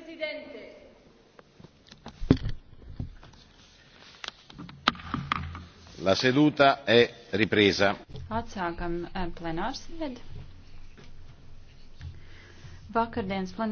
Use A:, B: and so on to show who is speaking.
A: Presidente. La
B: seduta è ripresa.
C: Atsākam eh, plenārsēdi.
D: Vakardienas plenārsēdi.